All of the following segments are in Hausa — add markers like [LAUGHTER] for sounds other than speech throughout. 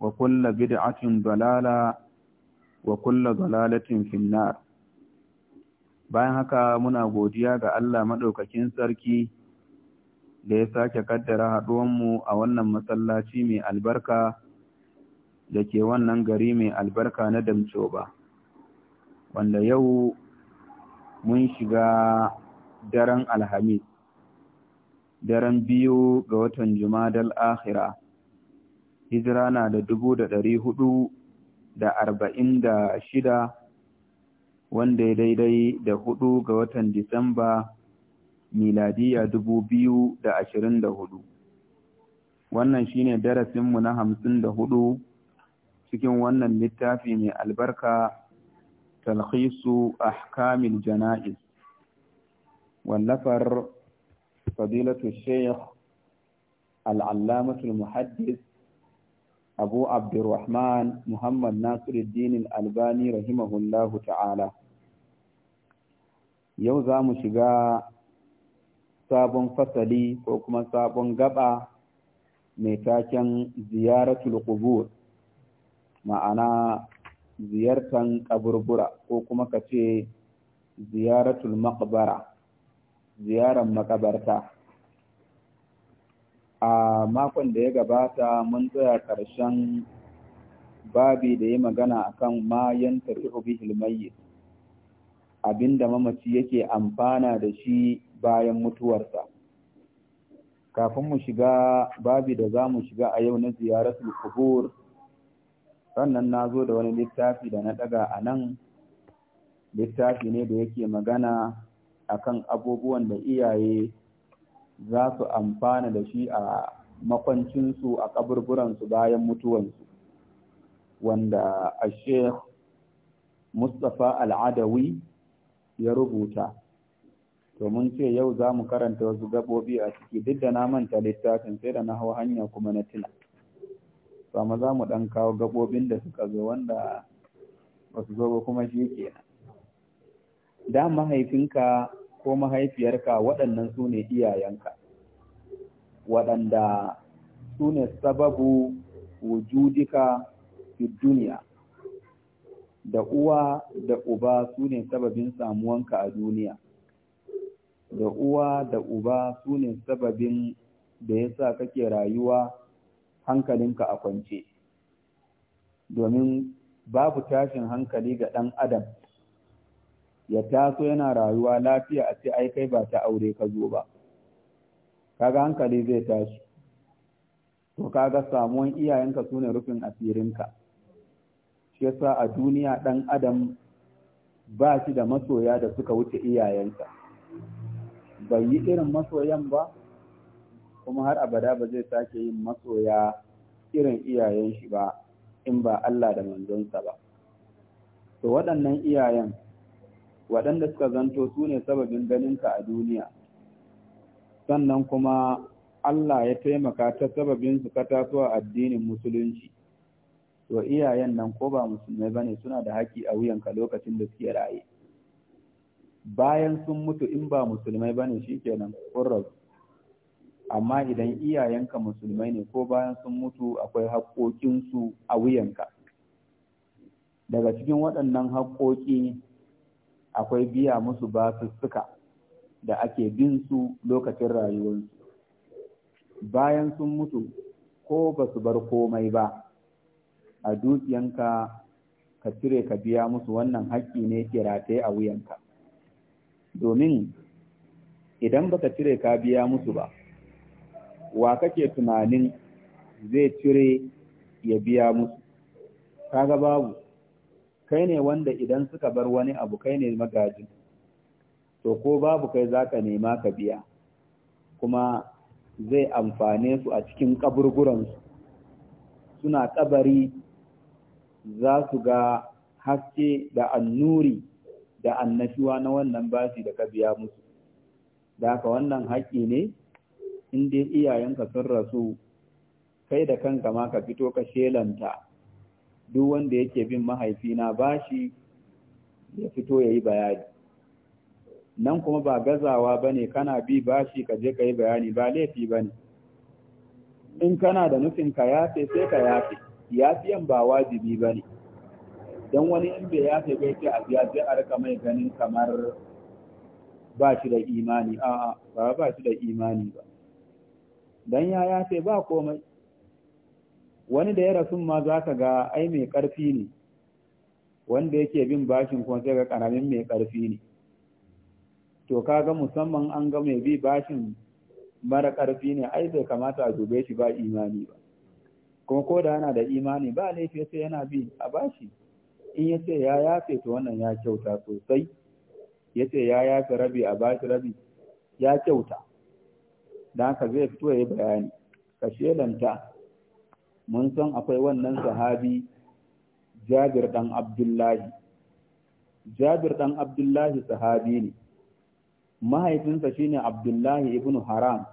وكل بدعة ضلالة وكل ضلالة في النار bayan haka muna godiya ga Allah madaukakin sarki da ya sake kaddara haɗuwanmu a wannan masallaci mai albarka da ke wannan gari mai albarka na damcoba wanda yau mun shiga daren alhamis daren biyu ga watan dal akhira hijira na da dubu da ɗari hudu da arba'in da shida wanda ya daidai da hudu ga watan Disamba miladiya dubu biyu da ashirin da hudu. Wannan shine darasinmu na hamsin da hudu cikin wannan littafi mai albarka talhisu ahkamil jana'iz. Wallafar fadilatu Sheikh al'allamatul muhaddis abu abdurrahman muhammad nasiruddin albani rahimahullahu ta'ala yau za mu shiga sabon fasali ko kuma sabon gaba mai taken ziyaratul qubur ma'ana ziyartan kaburbura ko kuma ka ce ziyaratul maqbara ziyaran makabarta makon da ya gabata mun tsaya ƙarshen babi da ya magana akan mayan yanta bihil mayyit abinda mamaci yake amfana da shi bayan mutuwarsa kafin mu shiga babi da za mu shiga a yau na ziyaratul kubur sannan na zo da wani littafi da na daga a nan littafi ne da yake magana akan abubuwan da iyaye za su amfana da shi a makwancinsu a kaburburansu bayan mutuwansu wanda a sheikh mustapha al'adawi ya rubuta to mun ce yau za mu karanta wasu gabobi a ciki duk da na manta littafin sai da na hau hanya kuma na tuna amma za mu ɗan kawo gabobin da suka zo wanda ba su zo ba kuma shi kenan da mahaifinka ko mahaifiyarka waɗannan su ne iyayenka waɗanda su ne sababu wujudika fi duniya da uwa da uba su ne sababin samuwanka a duniya da uwa da uba su ne sababin da ya sa kake rayuwa hankalinka a kwance domin babu tashin hankali ga ɗan adam ya taso yana rayuwa lafiya a ce ai kai ba ta aure ka zo ba kaga hankali zai tashi to kaga samuwan iyayenka su ne rufin asirinka shi yasa a duniya ɗan adam ba shi da masoya da suka wuce iyayensa bai yi irin masoyan ba kuma har abada ba zai sake yin masoya irin iyayen shi ba in ba Allah da manzonsa ba to waɗannan iyayen waɗanda suka zanto su ne sababin ganinka a duniya sannan kuma Allah ya taimaka ta sababin su ka taso a addinin musulunci to iyayen nan ko ba musulmai bane suna da haƙƙi a wuyanka lokacin da suke raye bayan sun mutu in ba musulmai bane shikenan qurrab amma idan iyayenka musulmai ne ko bayan sun mutu akwai haƙƙoƙinsu a wuyanka daga cikin waɗannan haƙƙoƙi akwai biya musu basussuka da ake bin su lokacin rayuwarsu bayan sun mutu ko ba su bar komai ba a dukiyanka ka cire ka biya musu wannan haƙƙi ne ke rataye a wuyanka domin idan baka cire ka biya musu ba wa kake tunanin zai cire ya biya musu kaga babu kai ne wanda idan suka bar wani abu kai ne magajin to ko babu kai zaka nema ka biya kuma zai amfane su a cikin su suna kabari za su ga haske da annuri da annashuwa na wannan bashi da ka biya musu da haka wannan haƙƙi ne in dai iyayenka sun rasu kai da kanka ma ka fito ka shelanta duk wanda yake bin mahaifina bashi ya fito ya yi bayani nan kuma ba gazawa ba ne kana bi bashi ka je ka yi bayani ba laifi ba ne in kana da nufin ka yafe sai ka yafe yafiyan ba wajibi ba ne don wani in bai yafe bai ce a biya sai a rika mai ganin kamar ba shi da imani a'a ba ba shi da imani ba don ya yafe ba komai wani da ya rasu ma za ka ga ai mai ƙarfi ne wanda yake bin bashin kuma sai ga ƙaramin mai ƙarfi ne to kaga musamman an ga mai bi bashin mara ƙarfi ne ai bai kamata a dube shi ba imani ba kuma ko da yana da imani ba laifi sai yana bi a bashi in ya ce ya yafe to wannan ya kyauta sosai ya ce ya yafe rabi a bashi rabi ya kyauta don haka zai fito ya yi bayani ka shelanta mun san akwai wannan sahabi jabir dan abdullahi jabir dan abdullahi sahabi ne mahaifinsa shine abdullahi ibn haram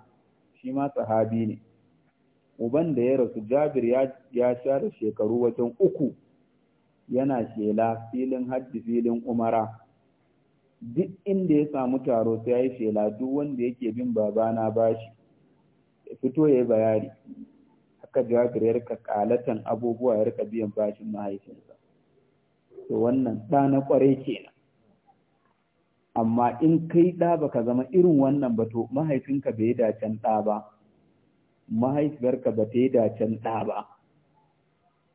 shi ma sahabi ne uban da ya rasu jabir ya share shekaru wajen uku yana shela filin hajji filin umara duk inda ya samu taro sai ya shela duk wanda yake bin babana bashi ya fito ya yi bayani haka jabir ya rika kalatan abubuwa ya rika biyan bashin mahaifinsa to wannan ɗa na kwarai kenan amma in kai ɗa baka zama irin wannan ba to mahaifinka bai yi dacen ɗa ba mahaifiyarka ba ta yi dacen ɗa ba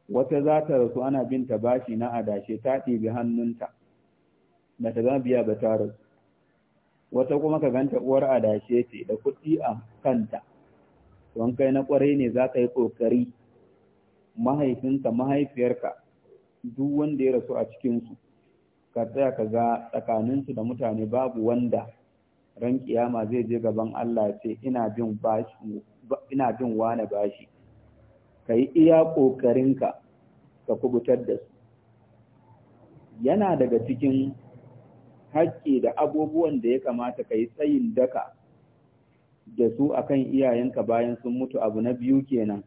wata za ta rasu ana binta bashi na adashe ta ɗibi hannunta ba ta zama biya ba ta rasu wata kuma ka ganta uwar adashe ce da kuɗi a kanta don kai na ƙwarai ne za ka yi ƙoƙari mahaifinka mahaifiyarka duk wanda ya rasu a cikinsu ka tsaya ka ga tsakaninsu da mutane babu wanda ran kiyama zai je gaban Allah ce ina bin bashi ina bin wane bashi ka yi iya ƙoƙarinka ka kubutar da su yana daga cikin haƙƙi da abubuwan da ya kamata ka yi tsayin daka da su akan iyayenka bayan sun mutu abu na biyu kenan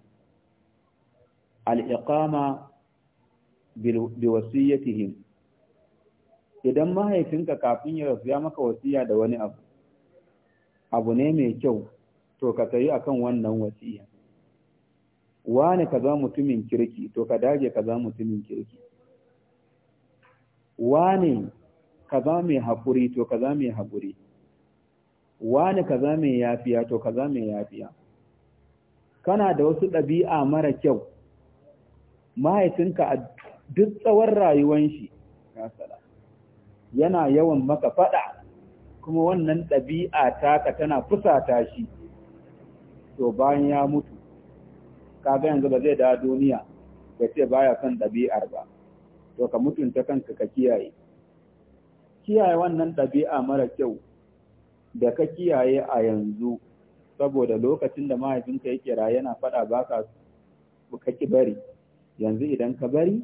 al'iƙama bi wasiyyatihim idan mahaifinka kafin ya rasu ya maka wasiya da wani abu abu ne mai kyau to ka tsayi akan wannan wasiya wani ka za mutumin kirki to ka dage ka za mutumin kirki wani ka za mai haƙuri to ka za mai haƙuri wani ka za mai yafiya to ka za mai yafiya kana da wasu ɗabi'a mara kyau mahaifinka a duk tsawon rayuwan shi ya sala yana yawan maka faɗa kuma wannan ɗabi'a taka tana fusata shi to bayan ya mutu ka ga yanzu ba zai da duniya ya ce baya son ɗabi'ar ba to ka mutunta kanka ka kiyaye kiyaye wannan ɗabi'a mara kyau da ka kiyaye a yanzu saboda lokacin da mahaifinka yake raye yana faɗa ba ka kaki bari yanzu idan ka bari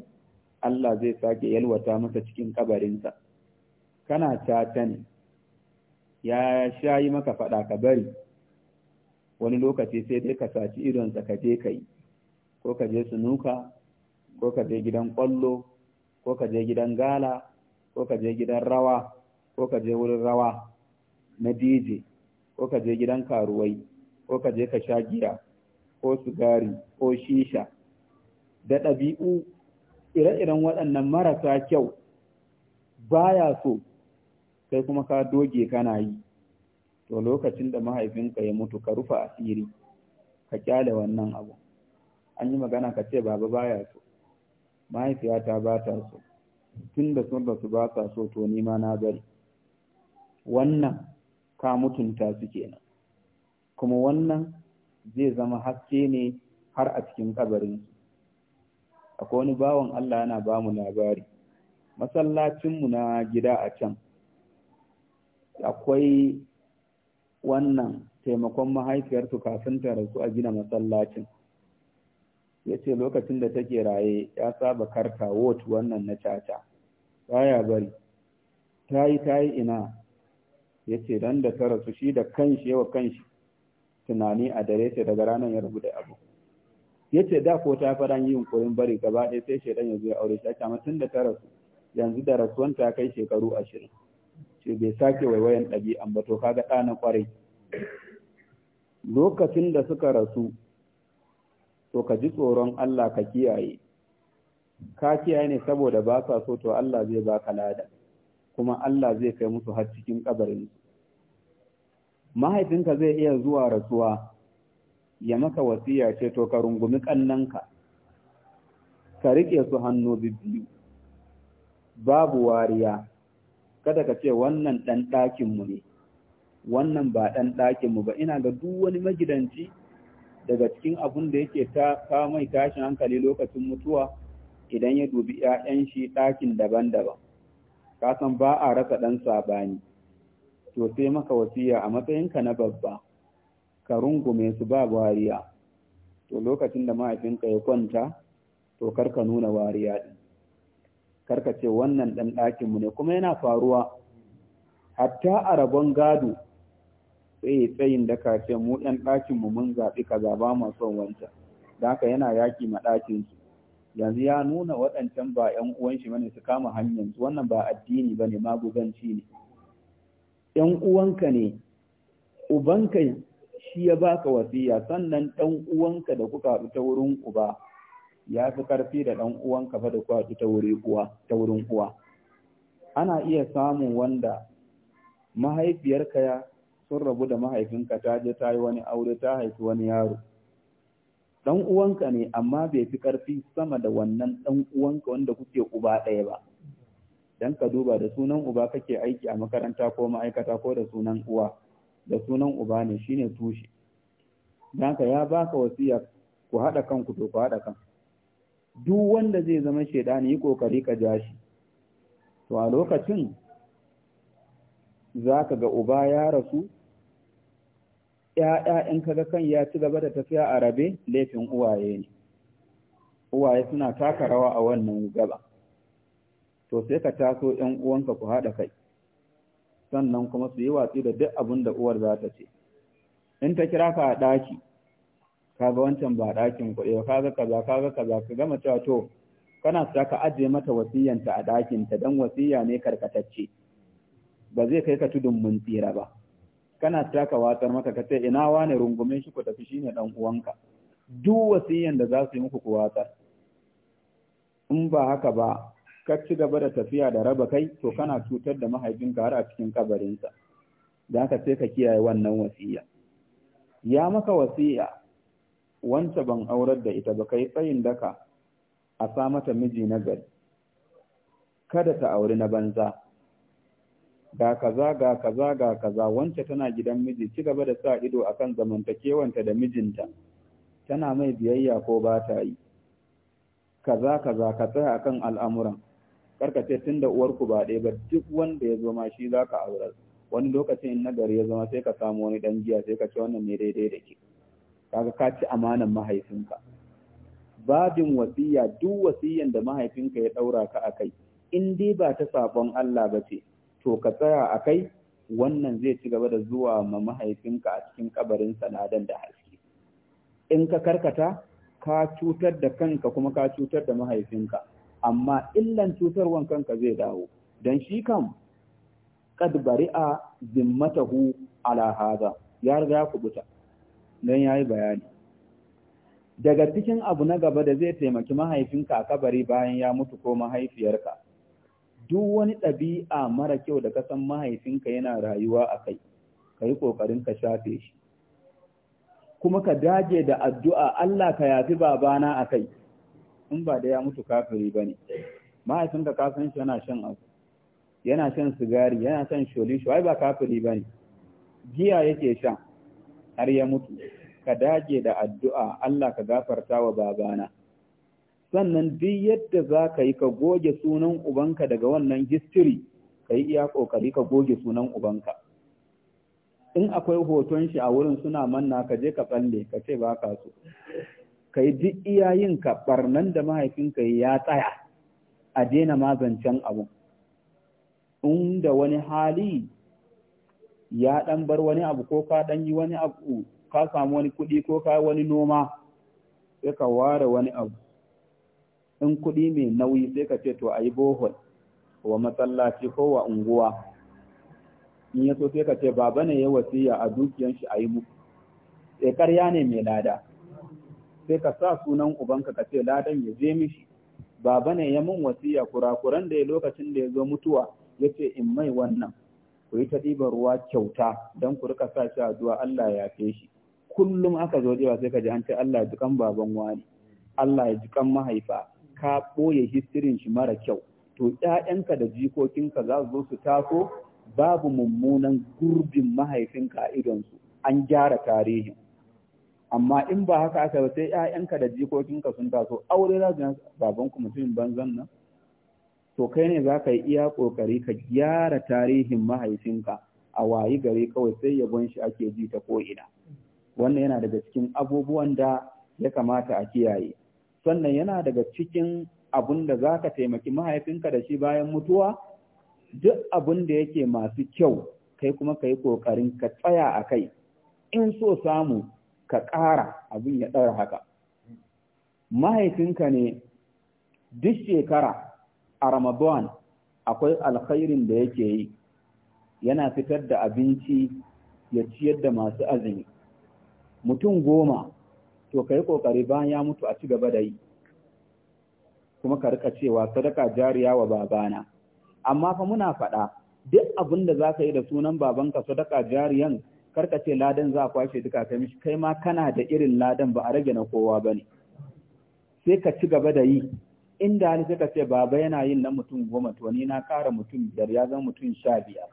Allah zai sake yalwata masa cikin kabarinsa kana caca ne ya shayi maka faɗa ka bari wani lokaci sai dai ka saci idonsa ka je ka yi ko ka je sunuka ko ka je gidan kwallo, ko ka je gidan gala ko ka je gidan rawa ko ka je wurin rawa na dj ko ka je gidan karuwai ko ka je ka sha giya ko sigari ko shisha da ɗabi'u ire-iren waɗannan marasa kyau baya so kai kuma ka doge kana yi to lokacin da mahaifinka ya mutu ka rufa asiri ka kyale wannan abu an yi magana ka ce baba baya so mahaifiyata ba ta so tun da sun ba sa so to nima na bari wannan ka mutunta su kenan kuma wannan zai zama haske ne har a cikin kabarinsu akwai wani bawan Allah yana ba mu labari masallacinmu na gida a can akwai wannan taimakon mahaifiyarsu kafin ta rasu a gina masallacin ya ce lokacin da take raye ya saba karta wot wannan na caca baya bari ta yi ta yi ina ya ce don da ta rasu shi da kanshi yawa kanshi tunani a dare ce daga ranar ya rabu da abu ya ce da ko ta fara yin koyon bari gaba ɗaya sai shaidan ya zo ya aure shi a tun da ta rasu yanzu da rasuwan ta kai shekaru ashirin sai bai sake waiwayan ɗabi'an ba to kaga ɗana ƙwarai lokacin da suka rasu to ka ji tsoron Allah ka kiyaye ka kiyaye ne saboda ba sa so to Allah zai ba ka lada kuma Allah zai kai musu har cikin kabarin mahaifinka zai iya zuwa rasuwa ya maka wasiya ce to ka rungumi kannanka ka riƙe su hannu biyu babu wariya kada ka ce wannan ɗan mu ne wannan ba ɗan mu ba ina ga duk wani magidanci daga cikin abun da yake ta mai tashin hankali lokacin mutuwa idan ya dubi 'ya'yan shi ɗakin daban-daban Ka san ba a rasa ɗan sabani to sai maka wasiya a matsayinka na babba ka rungume su ba wariya to lokacin da mahaifinka ya kwanta to kar ka nuna wariya ɗin karka ce wannan ɗan ɗakinmu ne kuma yana faruwa hatta a rabon gado tsaye tsayin da ka ce mu ɗan ɗakinmu mun zaɓi kaza ba mu son wancan da haka yana yaƙi ma ɗakinsu yanzu ya nuna waɗancan ba ‘yan uwan shi bane su kama hanyar wannan ba addini ba ne maguzanci ne ‘yan uwanka ne ubanka shi ya baka wasiya sannan ɗan uwanka da kuka haɗu ta wurin uba ya fi ƙarfi da ɗan uwanka fa da kwatu ta wurin uwa ana iya samun wanda mahaifiyarka ya sun rabu da mahaifinka ta je ta yi wani aure ta haifi wani yaro ɗan uwanka ne amma bai fi ƙarfi sama da wannan ɗan uwanka wanda kuke uba ɗaya ba dan ka duba da sunan uba kake aiki a makaranta ko ma'aikata ko da sunan uwa da sunan uba ne shine tushe dan ka ya baka wasiya ku haɗa kanku to ku haɗa kanku duk wanda zai zama shaidani yi kokari ka ja shi to a lokacin zaka ga uba ya rasu ‘ya'ya in kaga kan ya ci gaba da tafiya a rabe laifin uwaye ne, uwaye suna taka rawa a wannan gaba, to sai ka taso ‘yan uwanka ku haɗa kai, sannan kuma su yi watsi da duk abin da uwar za ta ce, in ta kira ka a ɗaki, kaga wancan ba ɗakin kuɗi ba kaga kaza kaga kaza ka gama cewa to kana sa ka ajiye mata wasiyanta a ɗakin ta dan wasiya ne karkatacce ba zai kai ka tudun mun tsira ba kana sa ka watsar maka ka ce ina wane rungume shi ku tafi shine dan uwanka duk wasiyan da za su yi muku ku watsar in ba haka ba ka ci gaba da tafiya da raba kai to kana cutar da mahaifinka har a cikin kabarinsa da haka sai ka kiyaye wannan wasiya ya maka wasiya wanta ban aurar da ita ba kai tsayin daka a sa mata miji na gari kada ta auri na banza ga kaza ga kaza ga kaza wance tana gidan miji ci gaba da sa ido akan zamantakewanta da mijinta tana mai biyayya ko ba ta yi kaza kaza ka tsaya akan al'amuran karkace da uwarku ba ɗaya ba duk wanda ya zo ma shi ka aurar wani lokacin in nagari ya zama sai ka samu wani ɗan giya sai ka ce wannan ne daidai da ke kaga ka ci amanan mahaifinka babin wasiya duk wasiyan da mahaifinka ya daura ka akai in dai ba ta sabon Allah ba ce to ka tsaya akai wannan zai ci gaba da zuwa ma mahaifinka a cikin kabarin sanadan da haske in ka karkata ka cutar da kanka kuma ka cutar da mahaifinka amma illan cutar cutarwan kanka zai dawo dan shi kam kad bari'a zimmatahu ala hada ya riga ya kubuta don ya yi bayani daga cikin abu na gaba da zai taimaki mahaifinka a kabari bayan ya mutu ko mahaifiyarka duk wani ɗabi'a mara kyau da kasan mahaifinka yana rayuwa a kai ka yi ƙoƙarin ka shafe shi kuma ka dage da addu'a Allah ka yafi babana a kai in ba da ya mutu kafiri ba ne mahaifinka kafin shi yana shan abu yana shan sigari yana shan shi. ai ba kafiri ba ne giya yake shan har ya mutu ka dage da addu'a Allah ka gafarta wa babana sannan duk yadda za ka yi ka goge sunan ubanka daga wannan history ka yi iya ƙoƙari ka goge sunan ubanka in akwai hoton shi a wurin suna manna ka je ka tsalle ka ce ba ka so ka yi duk iyayenka barnan da mahaifinka ya tsaya a daina mazancen abu inda wani hali ya ɗan bar wani abu ko ka ɗan yi wani abu ka samu wani kuɗi ko ka wani noma sai ka ware wani abu in kuɗi mai nauyi sai ka ce to a yi bohol wa masallaci ko wa unguwa in ya so sai ka ce baba ne ya wasiya a dukiyan shi a yi sai karya eh, ne mai lada sai ka sa sunan ubanka ka ce ladan ya je mishi baba ne ya mun wasiya kurakuran da ya lokacin da ya zo mutuwa ya ce in mai wannan ku yi ta ɗiban ruwa kyauta don ku rika sa shi addu'a Allah ya yafe shi kullum aka zo jewa sai ka ji an ce Allah ya jikan baban wani Allah ya jikan mahaifa ka ɓoye histirin shi mara kyau to ƴaƴanka da jikokinka za su zo su taso babu mummunan gurbin mahaifinka a idonsu an gyara tarihin amma in ba haka aka ba sai ƴaƴanka da jikokinka sun taso aure za su baban ku mutumin banzan nan to kai ne za ka yi iya ƙoƙari ka gyara tarihin mahaifinka a wayi gare kawai sai yabon shi ake ji ta ko'ina wannan yana daga cikin abubuwan da ya kamata a kiyaye sannan yana daga cikin abun da za ka taimaki mahaifinka da shi bayan mutuwa duk abun da yake masu kyau kai kuma ka yi ƙoƙarin ka tsaya a kai in so samu ka ƙara abin ya ɗara haka mahaifinka ne duk shekara a Ramadan akwai alkhairin da yake yi yana fitar da abinci ya ciyar da masu azumi mutum goma to kai kokari bayan ya mutu a cigaba da yi kuma ka rika cewa sadaka jariya wa babana amma fa muna faɗa duk abin da za ka yi da sunan babanka sadaka jariyan karka ce ladan za a kwashe duka kai mishi kai ma kana da irin ladan ba a rage na kowa ba ne sai ka ci gaba da yi inda hali suka ce baba yana yin na mutum goma to ni na ƙara mutum biyar ya zama mutum sha biyar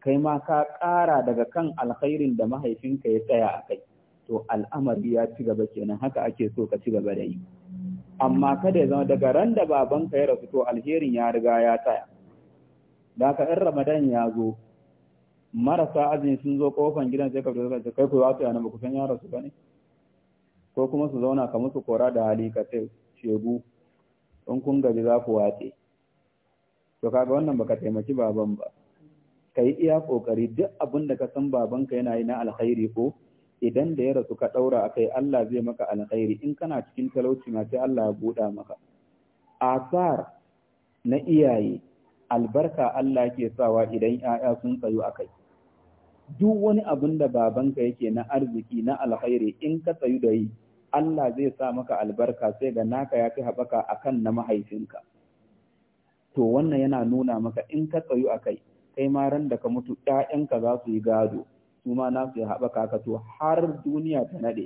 kai ma ka kara daga kan alkhairin da mahaifinka ya tsaya a kai to al'amari ya ci gaba kenan haka ake so ka ci gaba da yi amma kada ya zama daga ran da babanka ya rasu to alherin ya riga ya tsaya da ka in ramadan ya zo marasa azumi sun zo kofan gidan sai ka fito ka kai ku za su yana ba ku san ya rasu ba ne ko kuma su zauna ka musu kora da hali ka ce shegu in kun gaji za ku watse to kaga wannan baka taimaki baban ba ka iya kokari duk abin da ka san babanka yana yi na alkhairi ko idan da ya rasu ka daura akai Allah zai maka alkhairi in kana cikin talauci ma sai Allah ya buɗa maka asar na iyaye albarka Allah ke sawa idan ‘ya'ya sun tsayu akai Duk wani abin da babanka yake na arziki na alkhairi in ka tsayu da yi, Allah zai sa maka albarka sai ga naka ya fi haɓaka akan na mahaifinka. To wannan yana nuna maka in ka tsayu a kai, kai ma ran da ka mutu ‘ya'yanka za su yi gado, su ma na su yi haɓaka ka to har duniya ta naɗe.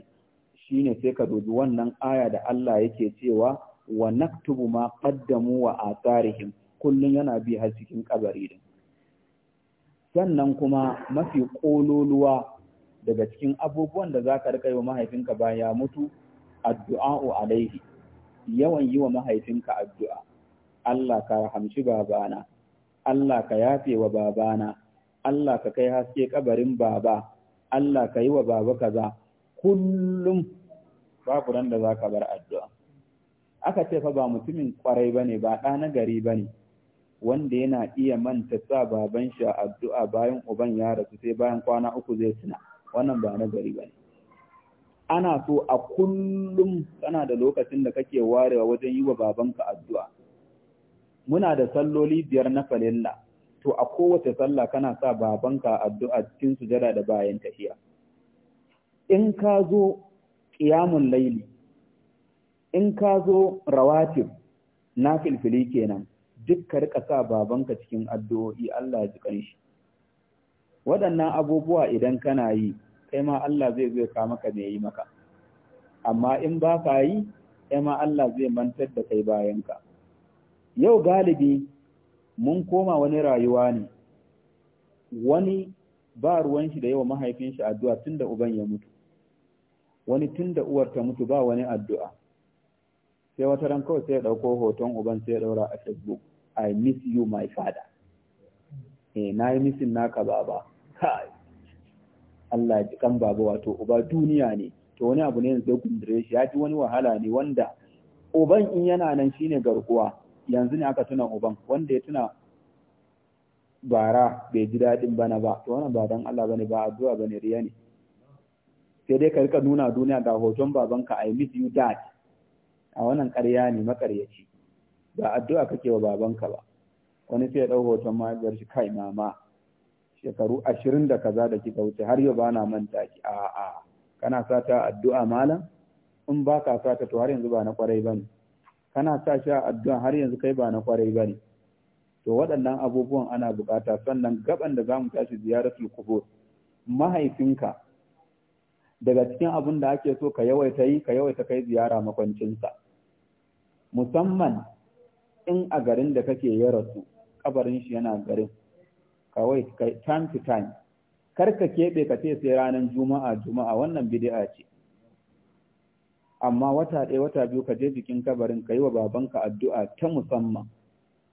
Shi ne sai ka dubi wannan aya da Allah yake cewa wa naktubu ma qaddamu wa atharihim kullun yana bi har cikin kabari din. Sannan kuma mafi ƙololuwa. daga cikin abubuwan da za ka rika yi wa mahaifinka bayan ya mutu addu'a'u alaihi yawan yi wa mahaifinka addu'a Allah ka rahamci babana Allah ka yafe wa babana Allah ka kai haske kabarin baba Allah ka yi wa baba kaza kullum babu ran da za ka bar addu'a aka ce fa ba mutumin kwarai bane ba ɗa na gari bane wanda yana iya manta sa baban shi addu'a bayan uban ya rasu sai bayan kwana uku zai tuna wannan ba nazari ba ne ana so a kullum kana da lokacin da kake warewa wajen yi wa babanka addu'a muna da salloli biyar na falilla to a kowace sallah kana sa babanka addu'a cikin sujada da bayan tafiya in ka zo qiyamul layli, in ka zo rawatib na filfili kenan duk ka rika sa babanka cikin addu'o'i Allah ji kanshi waɗannan abubuwa idan kana yi kai ma Allah zai zai ka maka mai yi maka amma in ba ka yi kai ma Allah zai mantar da kai bayanka yau galibi mun koma wani rayuwa ne wani ba ruwan shi da yawa mahaifin shi addu'a tunda uban ya mutu wani tunda uwar ta mutu ba wani addu'a sai wata ran kawai sai ya dauko hoton uban sai ya daura a Facebook I miss you my father eh na yi missin naka baba kai Allah ya ji kan baba wato uba duniya ne to wani abu ne yanzu gundure shi ya ji wani wahala ne wanda uban in yana nan shine garkuwa yanzu ne aka tuna uban wanda ya tuna bara bai ji dadin bana ba to wannan ba dan Allah bane ba addu'a bane riya ne sai dai ka rika nuna duniya ga hoton babanka I miss you dad a wannan ƙarya ne makaryaci ba addu'a kake wa babanka ba wani sai ya dau hoton mahaifiyar shi kai mama shekaru ashirin da kaza da kika wuce har yau ba na manta ki a a kana ta addu'a malam in ba ka sata to har yanzu ba na kwarai bane kana sa shi addu'a har yanzu kai ba na kwarai bane to waɗannan abubuwan ana bukata sannan gaban da zamu tashi ziyaratul kubur mahaifinka daga cikin abin da ake so ka yawaita yi ka yawaita kai ziyara makwancinsa musamman in a garin da kake ya rasu kabarin shi yana garin kawai time to time kar ka keɓe ka ce sai ranar juma'a juma'a wannan bid'a ce amma wata ɗaya wata biyu ka je jikin kabarin ka yi wa babanka addu'a ta musamman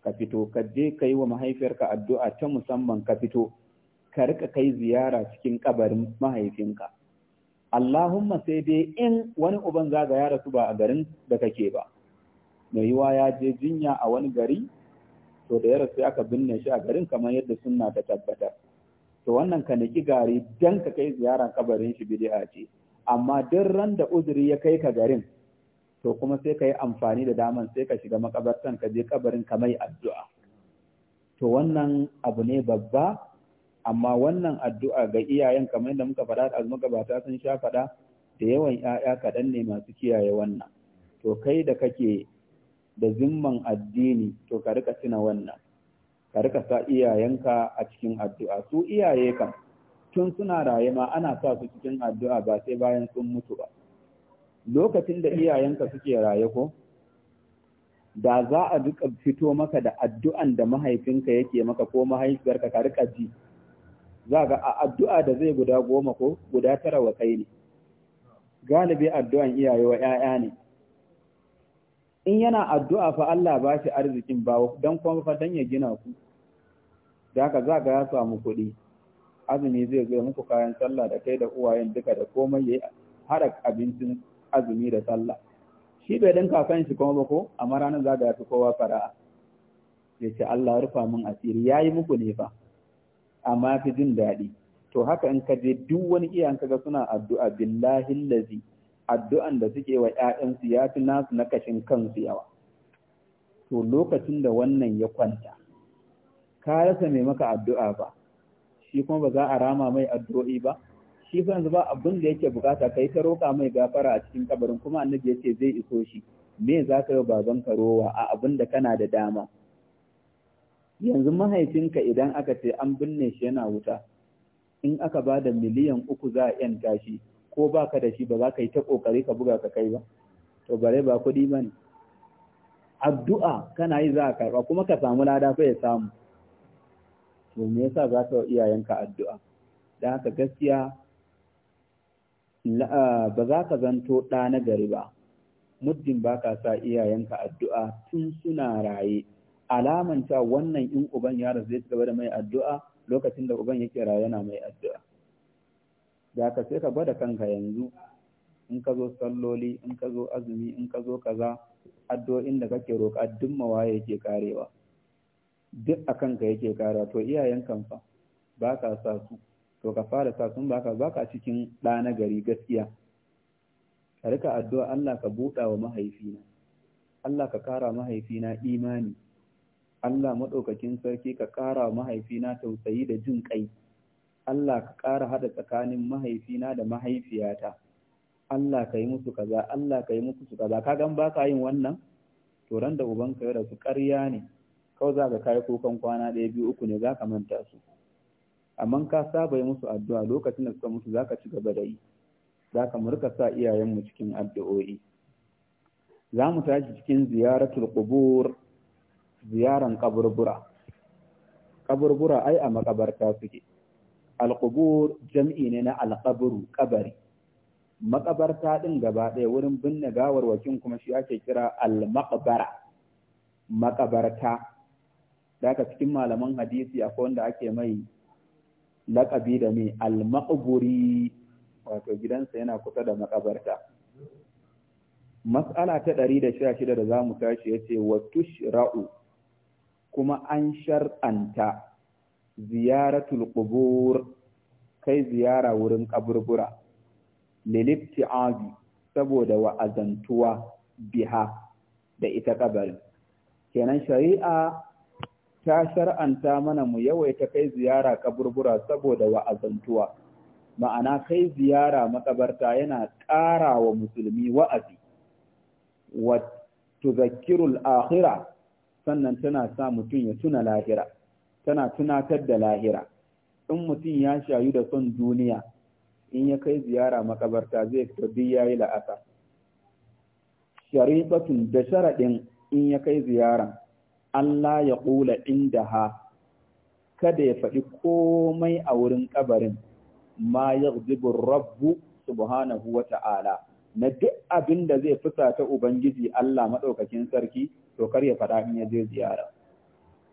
ka fito ka je ka yi wa mahaifiyarka addu'a ta musamman ka fito ka rika kai ziyara cikin kabarin mahaifinka Allahumma sai dai in wani uban zaga ya rasu ba a garin da kake ba mai yiwa ya je jinya a wani gari to da ya sai aka binne shi a garin kamar yadda sunna ta tabbatar to wannan ka niki gari dan ka kai ziyaran kabarin shi bid'a ce amma duk ran da uzuri ya kai ka garin to kuma sai ka yi amfani da daman sai ka shiga makabartan ka je kabarin ka mai addu'a to wannan abu ne babba amma wannan addu'a ga iyayen kamar yadda muka faɗa da magabata sun sha faɗa da yawan ‘ya'ya kaɗan ne masu kiyaye wannan to kai da kake da zimman addini to ka rika tuna wannan ka rika sa iyayenka a cikin addu'a su iyaye kan tun suna raye ana sa su cikin addu'a ba sai bayan sun mutu ba lokacin da iyayenka suke raye ko da za a duka fito maka da addu'an da mahaifinka yake maka ko mahaifiyarka ka rika ji za ga addu'a da zai guda goma ko guda tara wa kai ne galibi addu'an iyaye wa ‘ya'ya ne in yana addu'a fa Allah ba shi arzikin ba don kuma fa dan ya gina ku da haka za ga ya samu kuɗi azumi zai zo muku kayan sallah da kai da uwayen duka da komai ya haɗa abincin azumi da sallah shi bai dan kakan shi kuma ba ko amma ranar za ga ya fi kowa fara'a ya ce Allah rufa min asiri ya yi muku ne fa amma fi jin daɗi to haka in ka je duk wani ka kaga suna addu'a billahi lazi addu'an da suke wa ‘ya'yansu ya fi nasu na kashin kansu yawa. To lokacin da wannan ya kwanta, ka rasa mai maka addu'a ba, shi kuma ba za a rama mai addu'o'i ba, shi fa yanzu ba abin da yake bukata kai ta roƙa mai gafara a cikin kabarin kuma annabi ya ce zai iso shi, me za ka yi baban ka rowa a abin da kana da dama. Yanzu mahaifinka idan aka ce an binne shi yana wuta, in aka ba da miliyan uku za a ‘yanta shi, ko baka da shi ba za ka yi ta kokari ka buga ka kai ba to bare ba kuɗi ba ne addu'a kana yi za ka karɓa kuma ka samu lada fa ya samu to me yasa za ka iyayenka addu'a da haka gaskiya ba za ka zanto ɗa na gari ba muddin ba ka sa iyayenka addu'a tun suna raye alaman cewa wannan in uban yaro zai ci gaba da mai addu'a lokacin da uban yake raye yana mai addu'a da ka sai ka gwada kanka yanzu in ka zo salloli in ka zo azumi in ka zo kaza addu'o'in da kake roƙa duk mawaye yake karewa duk a kanka yake karewa to iyayen kanfa ba ka sa su to ka fara sa sun ba ka cikin ɗa na gari gaskiya ka rika addu'a Allah ka buɗa wa mahaifina Allah ka kara mahaifina imani Allah maɗaukakin sarki ka kara wa mahaifina tausayi da jin ƙai Allah ka ƙara haɗa tsakanin mahaifina da mahaifiyata, Allah ka yi musu kaza, Allah ka yi musu kaza, ka gan ba ka yin wannan? To ran da ka ya rasu ƙarya ne, kawai za ka kai kokan kwana ɗaya biyu uku ne za ka manta su. Amma ka saba yi musu addu'a lokacin da suka mutu za ka ci gaba da yi, za ka murka sa iyayenmu cikin addu'o'i. Za mu tashi cikin ziyaratul qubur ziyaran kaburbura. Kaburbura ai a makabarta suke. Alkubu jam'i ne na Alkabaru kabari Maƙabarta ɗin gaba ɗaya wurin binne gawarwakin kuma shi ake kira al-maqbara makabarta daga cikin malaman hadisi akwai wanda ake mai laƙabi da mai al-maqburi wato gidansa yana kusa da makabarta mas'ala ta ɗari da za mu tashi ce wa tushra'u kuma an shar'anta ziyaratul qubur kai ziyara wurin kaburbura lilibti'abi saboda wa'azantuwa biha da ita kabari kenan shari'a ta shar'anta mana mu yawaita kai ziyara kaburbura saboda wa'azantuwa ma'ana kai ziyara makabarta yana ƙara wa musulmi wa'azi wa tuzakkirul akhirah sannan tana sa mutum ya tuna lahira tana tunatar da lahira in mutum ya shayu da son duniya in ya kai ziyara makabarta zai fita ya yayi la'asa sharifatun da sharaɗin in ya kai ziyara Allah ya ƙula inda ha kada ya faɗi komai a wurin ƙabarin ma ya rabbu subhanahu wa ta'ala na duk abin da zai ta Ubangiji Allah maɗaukakin sarki to kar ya faɗa in ya je ziyara.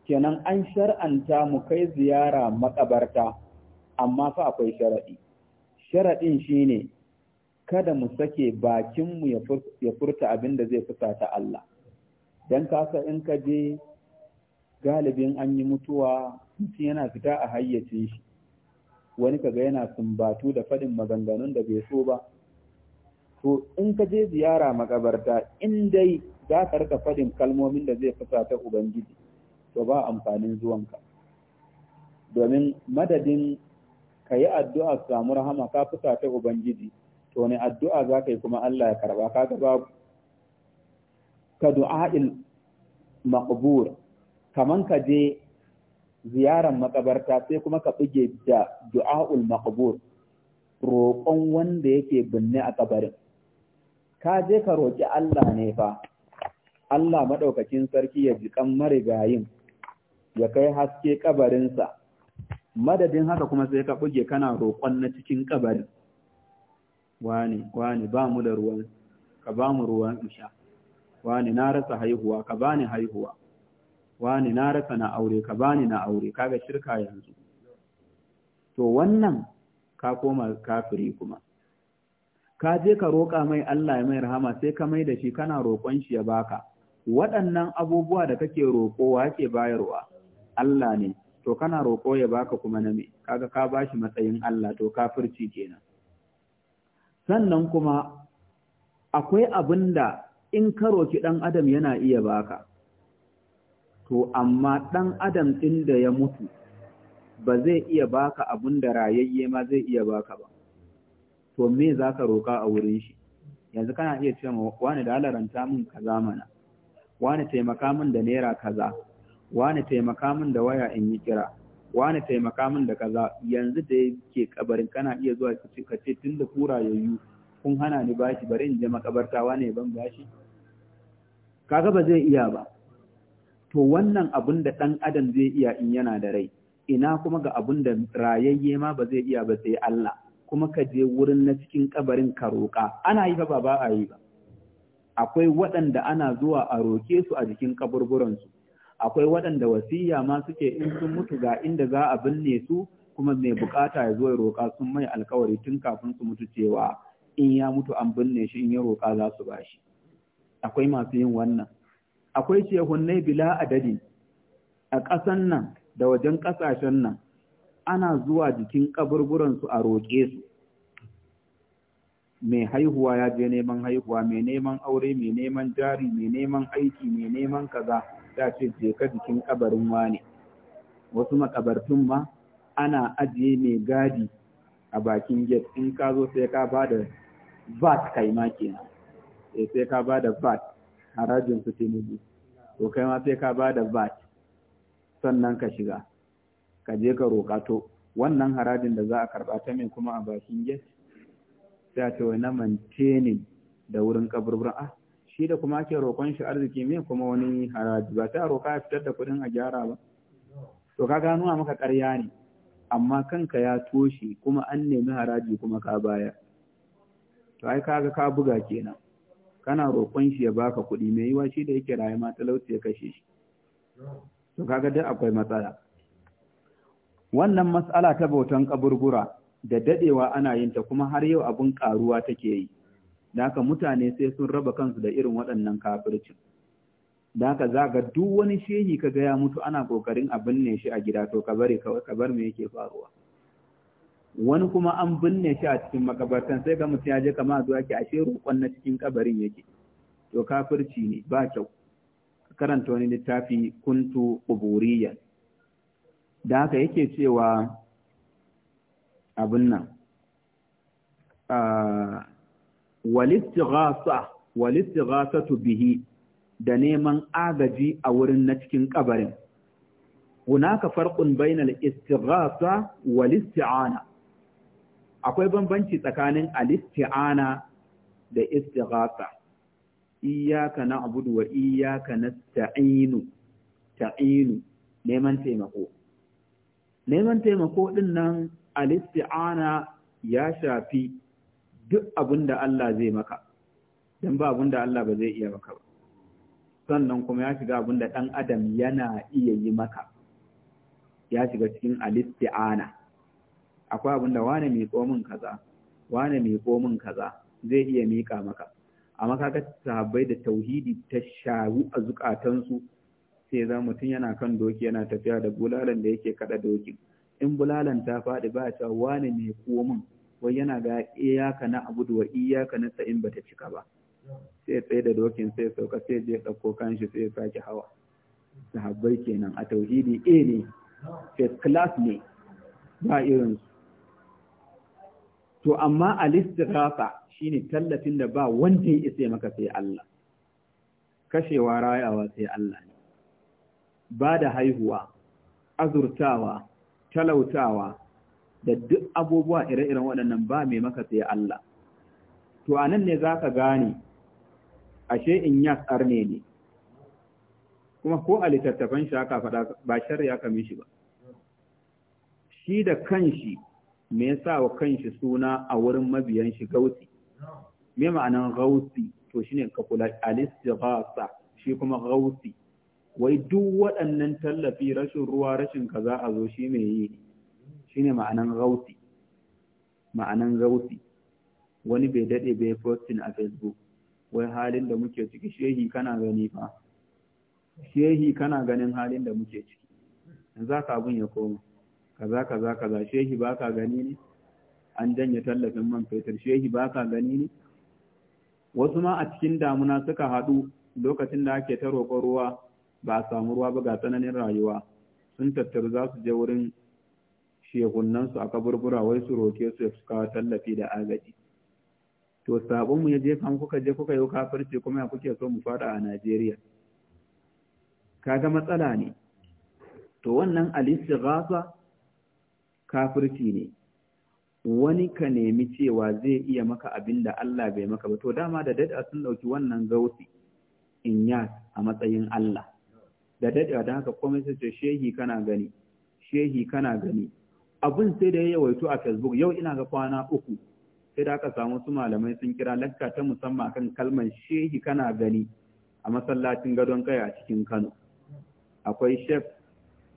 kenan an shar'anta mu kai ziyara makabarta amma fa akwai sharaɗi sharaɗin shine kada mu sake bakin mu ya furta abin da zai fusata Allah dan kasa in ka je galibin an yi mutuwa mutum yana fita a hayyace shi wani kaga yana sumbatu da faɗin maganganun da bai so ba to in ka je ziyara makabarta in dai za ka rika faɗin kalmomin da zai fusata ubangiji to ba amfanin zuwanka domin madadin ka yi addu'a samu rahama ka fusa ta ubangiji to ne addu'a za ka yi kuma Allah ya karba ka gaba ka du'a'il maqbur kaman ka je ziyaran makabarta sai kuma ka buge da du'a'ul maqbur roƙon wanda yake binne a kabarin ka je ka roƙi Allah ne fa Allah madaukakin sarki ya jikan marigayin ya kai haske kabarinsa madadin haka kuma sai ka buge kana roƙon na cikin kabarin wani wani ba mu da ruwan ka ba mu ruwan insha wani na rasa haihuwa ka bani haihuwa wani na rasa na aure ka bani na aure kaga shirka yanzu to wannan ka koma kafiri kuma ka je ka roƙa mai Allah ya mai rahama sai ka mai da shi kana roƙon shi ya baka waɗannan abubuwa da kake roƙowa ke bayarwa Allah ne to kana roƙo ya baka kuma na me kaga ka bashi matsayin Allah to kafirci kenan sannan kuma akwai abin in ka roki ɗan adam yana iya baka to amma ɗan adam ɗin da ya mutu ba zai iya baka abin da rayayye ma zai iya baka ba to me za ka roƙa a wurin shi yanzu kana iya ce wani dalaranta min kaza mana wani taimaka min da naira kaza wani taimaka min da waya in yi kira wani taimaka min da kaza yanzu da yake kabarin kana iya zuwa ka ce tun da kura yayyu kun hana ni bashi bari in je makabarta wani ban bashi kaga ba zai iya ba to wannan abun da dan adam zai iya in yana da rai ina kuma ga abun da rayayye ma ba zai iya ba sai Allah kuma ka je wurin na cikin kabarin ka roka ana yi ba ba a yi ba akwai waɗanda ana zuwa a roke su a jikin kaburburansu akwai waɗanda wasiya ma suke in sun mutu ga inda za a binne su kuma mai bukata ya zo ya roƙa sun mai alkawari tun kafin su mutu cewa in ya mutu an binne shi in ya roƙa za su bashi akwai masu yin wannan akwai cehunnai bila adadi a ƙasan nan da wajen ƙasashen nan ana zuwa jikin su a roƙe su mai haihuwa ya je neman haihuwa mai neman aure mai neman jari mai neman aiki mai neman kaza Ya ce je ka jikin kabarin wane wasu makabartun ma ana ajiye mai gadi a bakin gate in ka zo sai ka ba da vat kai ma kenan eh, sai ka ba da vat harajin su tinubu to kai ma sai ka ba da vat sannan ka shiga ka je ka roƙa to wannan harajin da za a karɓa ta mai kuma a bakin gate sai ta ce wai na ne da wurin kaburburan ah shi da kuma ake roƙon shi arziki me kuma wani haraji ba sai a roƙa ya fitar da kuɗin a gyara ba to ka gano maka ƙarya ne amma kanka ya toshe kuma an nemi haraji kuma ka baya to ai kaga ka buga kenan kana roƙon shi ya baka kuɗi mai yiwa shi da yake rayuwa ma talauci ya kashe shi to kaga duk akwai matsala wannan matsala ta bautan kaburbura da dadewa ana yin ta kuma har yau abun karuwa take yi Daka haka mutane sai sun raba kansu da irin waɗannan kafircin Daka haka za duk wani shehi ka ga ya mutu ana kokarin a binne shi a gida to ka ka bar me yake faruwa wani kuma an binne shi a cikin makabartan sai ga mutum ya je kama zuwa ke ashe roƙon na cikin kabarin yake to kafirci ne ba kyau karanta wani littafi kuntu quburiyan da haka yake cewa abin nan tu bihi da neman agaji a wurin na cikin kabarin hunaka farqun bainal istighasa wal isti'ana akwai bambanci tsakanin al-isti'ana da istighasa iyyaka na'budu wa iyyaka nasta'inu ta'inu neman taimako neman taimako din nan al-isti'ana ya shafi duk abin da Allah zai maka dan ba abin da Allah ba zai iya maka ba sannan kuma ya shiga abin da dan adam yana iya yi maka ya shiga cikin al-isti'ana akwai abin da wane mai komin kaza wane mai komin kaza zai iya mika maka amma kaga sahabbai da tauhidi ta sharu a zukatansu sai za mutum yana kan doki yana tafiya da bulalan da yake kada dokin in bulalan ta faɗi ba ta wani ne kuwa mun wai yana ga iyaka na abudu wa iyaka na sa'in bata cika ba sai tsaye da dokin sai sauka sai je ɗauko kanshi sai sake hawa sahabbai kenan a tauhidi a ne Fes class ne ba irin to amma al-istighatha shine tallafin da ba wanda ya isa maka sai Allah kashewa rayawa sai Allah ne ba da haihuwa azurtawa talautawa da duk abubuwa ire-iren waɗannan ba mai maka sai Allah to a nan ne za ka gane ashe in ya tsarne ne kuma ko a littattafan shi aka faɗa ba shari'a ka mishi ba shi da kanshi me sa wa kanshi suna a wurin mabiyan shi gauti, me ma'anan Gauti to shi ne ka kula al shi kuma Gauti. wai duk waɗannan tallafi rashin ruwa rashin kaza a zo shi mai yi shi ne ma'anan gauti, ma'anan gauti wani bai daɗe bai posting a facebook wai halin da muke ciki shehi kana gani fa shehi kana ganin halin da muke ciki Za ka abin ya koma kaza kaza kaza shehi ba ka gani ne an janye tallafin man fetur shehi ba ka gani ne wasu ma a cikin damuna suka haɗu lokacin da ake ta roƙon ruwa ba a samu ruwa ba ga tsananin rayuwa sun tattaru za su je wurin shehunansu a kaburbura wai su roke su su kawo tallafi da agaji to sabon mu ya je kan kuka je kuka yi kafirci kuma ya kuke so mu fada a Najeriya kaga matsala ne to wannan al-istighatha kafirci ne wani ka nemi cewa zai iya maka abin da Allah bai maka ba to dama da dada sun dauki wannan gausi in ya a matsayin Allah da daɗe da haka komai sai ce shehi kana gani shehi kana gani abun sai da ya yawaito a facebook yau ina ga kwana uku sai da aka samu su malamai sun kira lakka ta musamman kan kalmar shehi kana gani a masallacin gadon kai a cikin kano akwai chef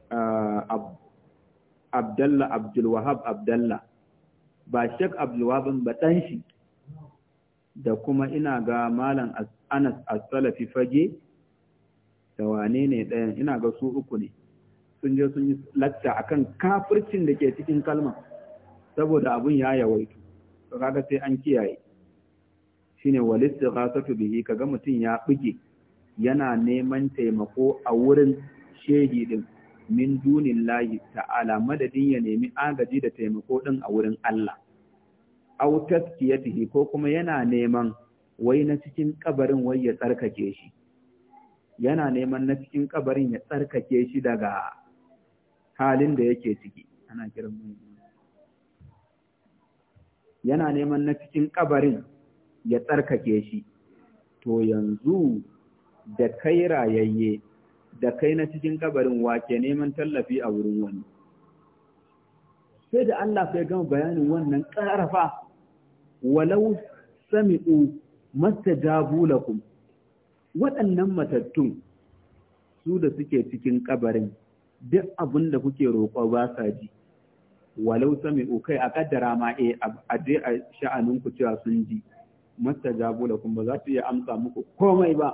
ah, abdalla abdulwahab abdalla ba shek wahab ba ɗan shi da kuma ina ga malam anas as-salafi fage da wane ne ɗayan ina ga su uku ne sun je sun yi latta akan kafircin da ke cikin kalma saboda abun ya yawaitu to kaga sai an kiyaye shine walistighasatu bihi kaga mutum ya buge yana neman taimako a wurin shehi din min dunillahi ta'ala madadin ya nemi agaji da taimako din a wurin Allah aw taskiyatihi ko kuma yana neman wai na cikin kabarin wai ya tsarkake shi yana neman na cikin kabarin ya tsarkake shi daga halin da yake ciki ana kiran yana neman na cikin kabarin ya tsarkake shi to yanzu da kai rayayye da kai na cikin kabarin wake neman tallafi a wurin wani sai da Allah sai gama bayanin wannan ƙarafa walau sami'u mastajabu lakum waɗannan matattun su da suke cikin kabarin duk abin da kuke roƙo ba sa ji walau sami ukai a kaddara ma eh, a je a sha'anin ku cewa sun ji masta jabu da kuma za su iya amsa muku komai ba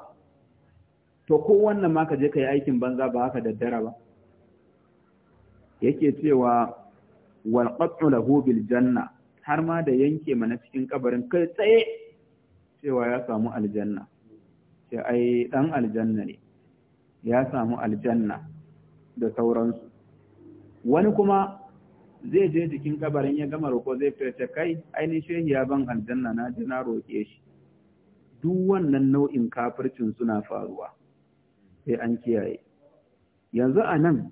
to ko wannan ma ka je ka yi aikin banza ba haka daddara ba yake cewa wal qat'u lahu janna har ma da yanke mana cikin kabarin kai tsaye cewa ya samu aljanna ce ai ɗan aljanna ne ya samu aljanna da sauransu wani kuma zai je jikin kabarin ya gama roƙo zai ta kai ainihin shehi ya ban aljanna na ji na roƙe shi duk wannan nau'in kafircin suna faruwa sai an kiyaye yanzu a nan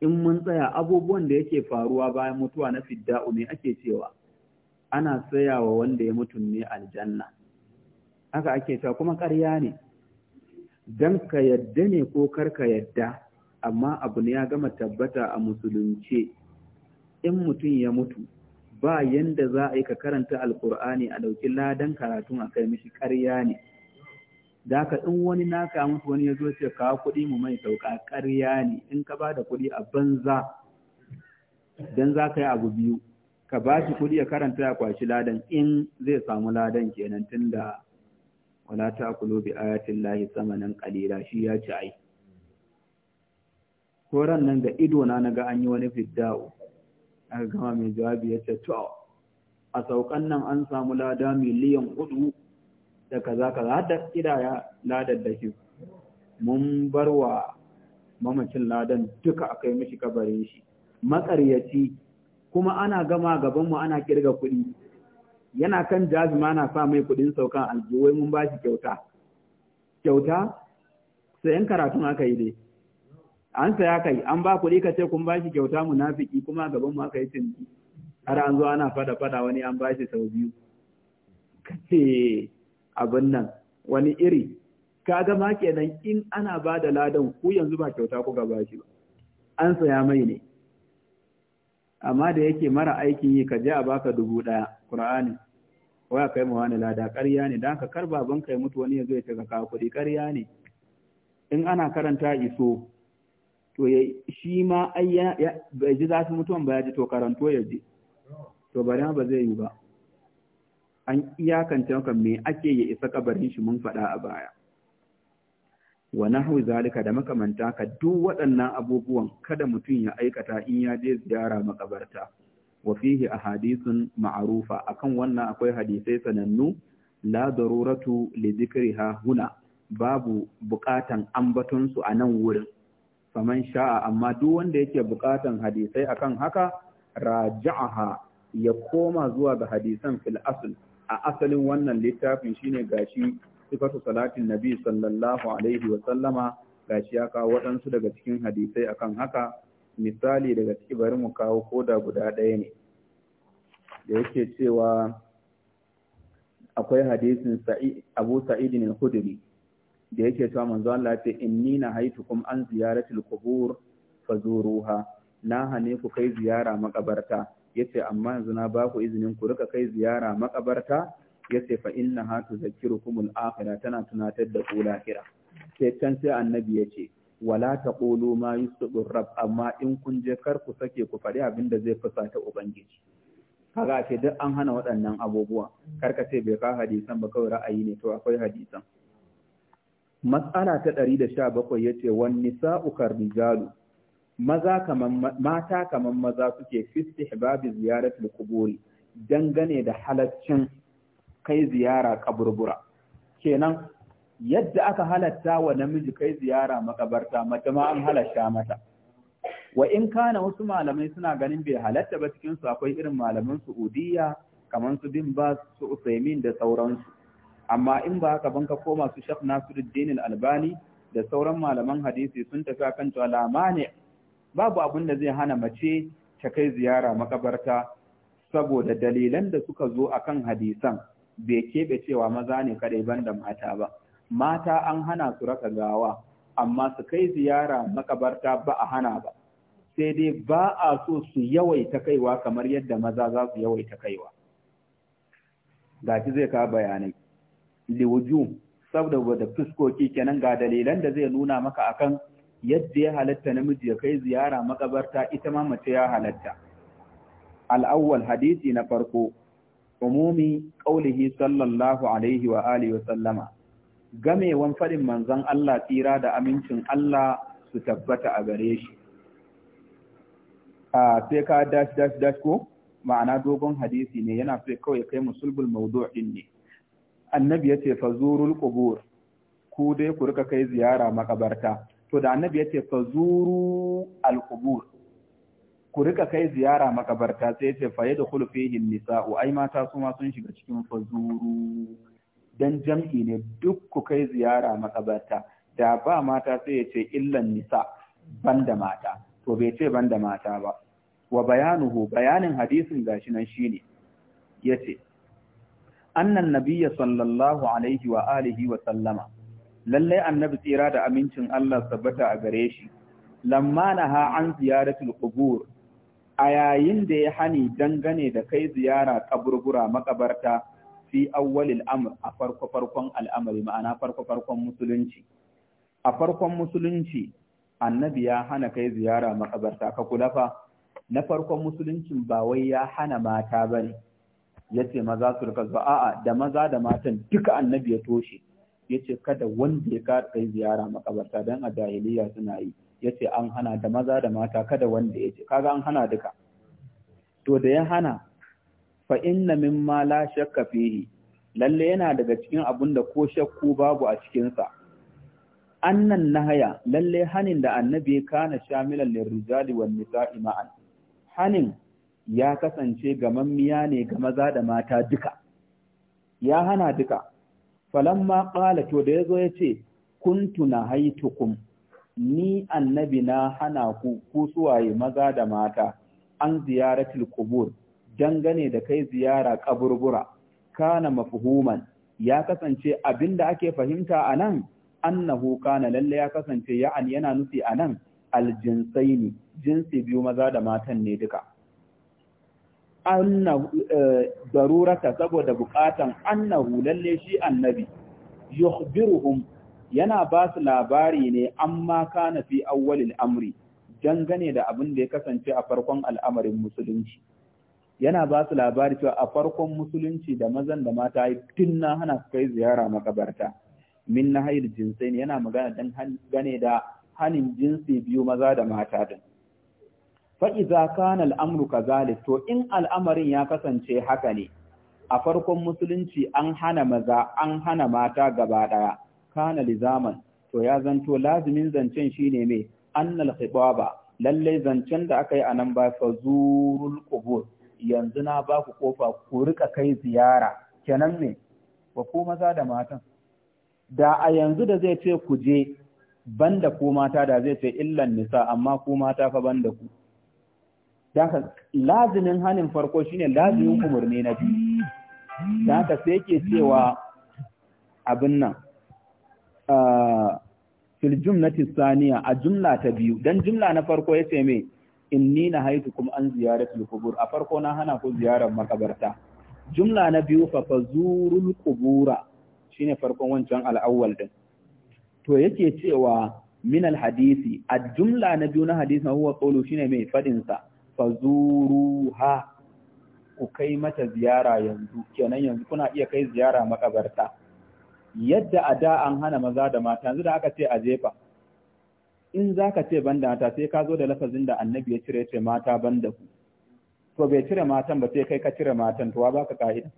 in mun tsaya abubuwan da yake faruwa bayan mutuwa na fidda'u ne ake cewa ana tsayawa wanda ya mutu ne aljanna haka ake cewa kuma ƙarya ne Dan ka yadda ne ko kar ka yadda amma abu ne ya gama tabbata a musulunce in mutum ya mutu ba yanda za a yi ka karanta alkur'ani a ɗauki ladan karatun a kai mishi ƙarya ne da ka in wani naka mutu wani ya zo ce kawo kuɗi mu mai sauka ƙarya ne in ka ba da kuɗi a banza don za ka yi abu biyu ka ba shi kuɗi ya karanta ya kwashi ladan in zai samu ladan kenan tun da wala taqulu bi ayati llahi samanan qalila shi ya ci ai koran nan da ido na ga an yi wani fidda'u aka gama mai jawabi ya ce to a saukan nan an samu lada miliyan hudu da kaza kaza har da kidaya ladar da shi mun bar wa mamacin ladan duka a yi mishi kabarin shi makaryaci kuma ana gama gabanmu ana kirga kuɗi yana kan jazima na sa mai kuɗin saukan aljiwai mun ba kyauta kyauta sai yan karatun aka yi dai an saya kai an ba kuɗi ka ce kun ba shi kyauta munafiki kuma gaban mu aka yi ciniki har an zo ana fada fada wani an ba sau biyu kace abin nan wani iri Ka ma kenan in ana ba da ladan ku yanzu ba kyauta ku ga shi ba an saya mai ne amma da yake mara aikin yi ka je a baka dubu ɗaya qur'ani waya kai mu wani lada ƙarya ne dan ka kar baban kai mutu wani ya zo ya ce ka kuɗi ƙarya ne in ana karanta iso to ya shi ma ai bai ji zafin mutuwan ba ya ji to karanto ya ji to bari ba zai yi ba an iyakance maka me ake ya isa kabarin shi mun faɗa a baya wa nah'u zalika da makamanta ka duk waɗannan abubuwan kada mutum ya aikata in ya je ziyara makabarta wa fihi ahadithun ma'rufa akan wannan akwai hadisai sanannu la daruratu li dhikriha huna babu bukatan ambaton su a nan wurin faman sha'a amma duk wanda yake bukatan hadisai akan haka raja'aha ya koma zuwa ga hadisan fil asl a asalin wannan littafin shine gashi sifatu salatin nabi sallallahu alaihi wa sallama shi ya kawo waɗansu daga cikin hadisai akan haka misali daga ciki bari mu kawo koda guda ɗaya ne da yake cewa akwai hadisin Abu Sa'id al-Khudri da yake cewa manzo Allah ce inni kuma an ziyaratul qubur fazuruha na hane ku kai ziyara makabarta yace amma yanzu na ba ku izinin ku rika kai ziyara makabarta yace fa innaha tuzakkirukum al-akhirah tana tunatar da ku lahira sai can sai annabi yace wala taqulu ma yusbu rabb amma in kun je kar ku sake ku faɗi abin da zai fusata ubangiji kaga ce duk an hana waɗannan abubuwa kar ka ce bai ka hadisan ba kawai ra'ayi ne to akwai hadisan matsala ta 117 yace wan nisa'u karrijalu maza kaman mata kaman maza suke fi hibabi ziyaratul quburi dangane da halaccin kai ziyara kaburbura kenan yadda aka halatta wa namiji kai ziyara makabarta mace ma an halatta mata wa in kana wasu malamai suna ganin bai halatta ba cikin su akwai irin malaman Saudiya kamar su bin ba su Usaimin da sauransu amma in ba haka banka koma su Sheikh Nasiruddin Al-Albani da sauran malaman hadisi sun tafi akan to lamane babu abin da zai hana mace ta kai ziyara makabarta saboda dalilan da suka zo akan hadisan bai keɓe cewa maza ne kadai da mata ba mata an hana su raka gawa amma su kai ziyara makabarta ba a hana ba sai dai ba a so su yawaita kaiwa kamar yadda maza za su yawaita kaiwa Ga shi zai ka bayanai liwuju saboda da fuskoki kenan ga dalilan da zai nuna maka akan yadda ya halatta namiji ya kai ziyara makabarta ita ma mace ya halatta al'awwal hadisi na farko umumi qaulihi sallallahu alaihi wa alihi wa sallama gamewan faɗin manzan Allah tsira da amincin Allah su tabbata a gare shi sai ka dash dash dash ko ma'ana dogon hadisi ne yana so kawai kai musulbul mawdu' ne annabi yace fazurul qubur ku dai ku rika kai ziyara makabarta to da annabi yace fazuru al qubur ku rika kai ziyara makabarta sai ce faye da khulfihin nisa'u ai mata su ma sun shiga cikin fazuru dan jam'i ne duk ku kai ziyara makabarta da ba mata sai ya ce illan nisa banda mata to bai ce banda mata ba wa bayanuhu bayanin hadisin gashi nan shine yace annan nabiyya sallallahu alaihi wa alihi wa sallama lallai annabi tsira da amincin Allah sabbata a gare shi lamma naha an ziyaratul qubur a yayin da ya hani dangane da kai ziyara kaburbura makabarta fi awwalil amr a farko farkon al'amari ma'ana farko farkon musulunci a farkon musulunci annabi ya hana kai ziyara makabarta ka kula fa na farkon musuluncin ba wai ya hana mata bane yace maza su rika zuwa a'a da maza da matan duka annabi ya toshe yace kada wanda ya ka kai ziyara makabarta dan a jahiliya suna yi yace an hana da maza da mata kada wanda ya ce kaga an hana duka to da ya hana fa inna mimma la shakka fihi lalle yana daga cikin abun da ko shakku babu a cikin sa annan nahaya lalle hanin da annabi ya kana shamilan lirrijali wan nisa'i ma'an hanin ya kasance ga gamammiya ne ga maza da mata duka ya hana duka falamma qala to da yazo yace kuntu kum? ni annabi na hana ku ku suwaye maza da mata an ziyaratul qubur dangane da kai ziyara kaburbura kana mafhuman ya kasance abin da ake fahimta anan annahu kana lalle ya kasance ya'ani yana nufi anan aljinsaini jinsi biyu maza da matan ne duka annahu eh, darurata saboda bukatan annahu lalle shi annabi yukhbiruhum yana ba su labari ne amma kana fi awwalil amri dangane da abin da ya kasance a farkon al'amarin musulunci yana ba su labari cewa a farkon musulunci da mazan da mata yi tun na hana su kai ziyara makabarta min na hayar jinsai yana magana don gane da hanin jinsi biyu maza da mata din fa'iza kana al'amru kazalik to in al'amarin ya kasance haka ne a farkon musulunci an hana maza an hana mata gaba ɗaya kana lizaman to ya zanto lazimin zancen shine me. annal khibaba lallai zancen da aka yi a nan ba fa zurul qubur yanzu na ba ku kofa ku rika kai ziyara kenan ne wa ku maza da matan da a yanzu da zai ce ku je banda ko mata da zai ce illan nisa amma ko mata fa banda ku Daka lazimin hanin farko shine lazimin umarni na biyu da sai ke cewa abin nan filjum na tisaniya a jumla ta biyu Don jumla na farko yace me inni na haitu kuma an ziyaratul qubur a farko na hana ku ziyarar makabarta jumla na biyu fa Kubura shi shine farkon wancan al'awwal din to yake cewa minal hadisi a jumla na biyu na hadisi huwa shi shine mai faɗinsa. fazuruha ku kai mata ziyara yanzu kenan yanzu kuna iya kai ziyara makabarta yadda a da an hana maza da mata yanzu da aka ce a jefa in zaka ce banda mata sai ka zo da lafazin da annabi ya cire ce mata banda ku to bai cire matan ba sai kai ka cire matan to wa baka ka'ida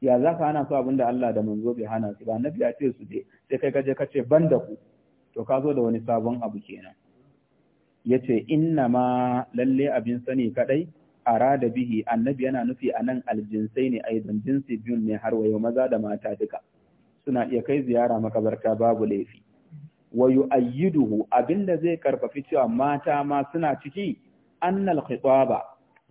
ya za ka hana su abinda Allah da manzo bai hana su ba annabi ya ce su je sai kai ka je ka ce banda ku to ka zo da wani sabon abu kenan ya ce inna ma lalle abin sani kadai da bihi annabi yana nufi a nan aljinsai ne aidan jinsi biyun ne har wayo maza da mata duka suna iya kai ziyara makabarta babu laifi wa abin da zai karfafi cewa mata ma suna ciki annal khitaba